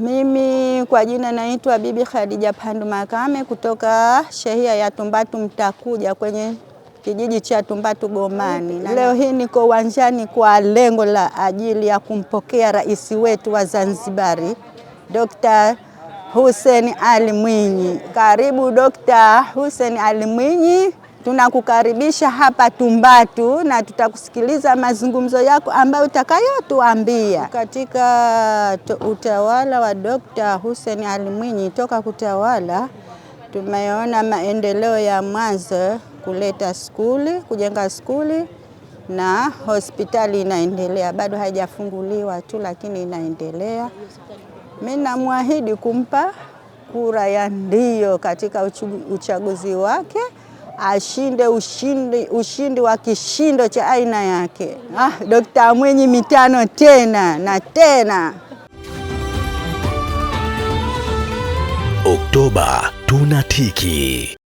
Mimi kwa jina naitwa Bibi Khadija Pandu Makame kutoka shehia ya Tumbatu Mtakuja kwenye kijiji cha Tumbatu Gomani. Leo hii niko uwanjani kwa lengo la ajili ya kumpokea rais wetu wa Zanzibari Dr. Hussein Ali Mwinyi. Karibu Dr. Hussein Ali Mwinyi Tunakukaribisha hapa Tumbatu na tutakusikiliza mazungumzo yako ambayo utakayotuambia. Katika utawala wa Dkt. Hussein Ali Mwinyi, toka kutawala tumeona maendeleo ya mwanzo kuleta skuli, kujenga skuli na hospitali inaendelea, bado haijafunguliwa tu, lakini inaendelea. mi namwahidi kumpa kura ya ndio katika uchaguzi wake ashinde ushindi, ushindi wa kishindo cha aina yake. Ah, Dokta Mwenyi mitano tena na tena. Oktoba tunatiki.